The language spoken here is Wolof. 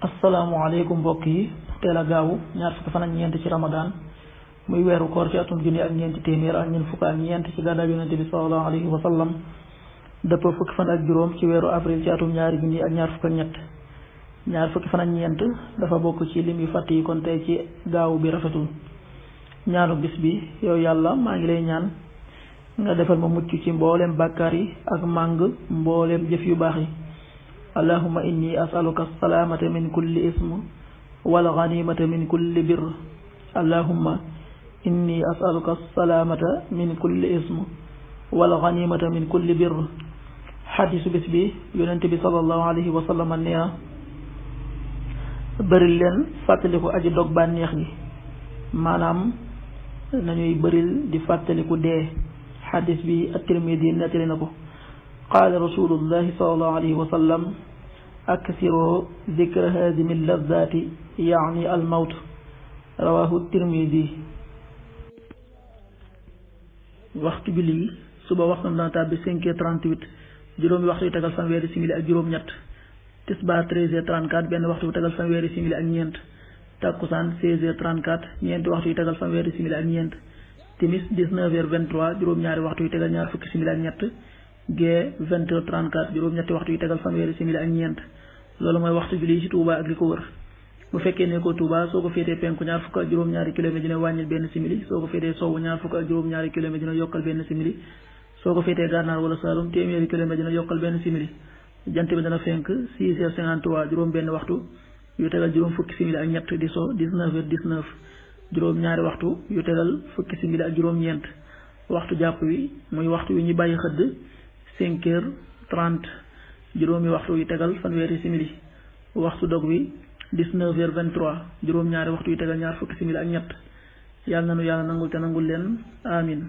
asalaamaaleykum mbokk yi teel a gaaw ñaar fukki fan ak ñeent ci ramadaan muy weeru koor ci atum junni ak ñeenti téeméer ak ñeent fukk ak ñeent ci gàddaay yonent bi sallallahu alayhi wa sallam dëppoo fukki juróom ci weeru avril ci atum ñaari junni ak ñaar fukk ak ñett ñaar fukki fan ak ñeent dafa bokk ci lim yu fàtt yi kon tey ci gaaw bi rafetul ñaanu bis bi yow yàlla maa ngi lay ñaan nga defal ma mucc ci mboolem bàkkaar yi ak màng mboolem jëf yu baax yi allahuma inni asaluka alsalaamata min kulli ism walganimata min kulli bir allahuma inni asaluka alsalaamata min kulli ism walganimata min kulli bir xadisu bis bi yonent bi sallallahu alayhi wa sallam nee na bëril leen fàttaliku aji dog bànneex gi maanaam nañuy bëril di fàttaliku dee xadis bi at-Tirmidi nettali na ko qaala rasulullahi sallallahu alayhi wa sallam ak aksiroo dikra haadimi lazzaati yaani almawt rawaahu tirmidi waxtu bi lii suba waxtu na tàbbi cinq heures trente-huit juróomi waxtu yu tegal fanweeri simili ak juróom-ñett tisbaar treize heures trente-quatre benn waxtu bu tegal fanweeri simili ak ñeent takkusaan seize heures trente-quatre ñeenti waxtu yu tegal fanweeri simili ak ñeent timis dix-neuf heures vingt-trois juróom-ñaari waxtu yu tegal ñaar fukki simili ak ñett gee vingt heures trente quatre juróom-ñetti waxtu yu tegal fanweeri simili ak ñeent loolu mooy waxtu julli ci Touba ak li ko wër bu fekkee ne ko Touba soo ko féetee penku ñaar fukk ak juróom-ñaari kilomètre dina wàññil benn simili soo ko féetee sowwu ñaar fukk ak juróom-ñaari kilomètre dina yokkal benn simili ko féetee gànnaar wala Saalum téeméeri kilomètre dina yokkal benn simili jant bi dana fenk six heures cinquante trois juróom benn waxtu yu tegal juróom fukki simili ak ñett di so dix-neuf heures dix juróom ñaari waxtu yu tegal fukki simili ak juróom wi muy waxtu wi ñu bàyyi cinq heures trente juróomi waxtu yu tegal fanweeri simili waxtu dog wi dix-neuf heures vingt-trois juróom-ñaari waxtu yu tegal ñaar fukki simili ak ñett yàlla na nu yàlla nangul te nangul leen amin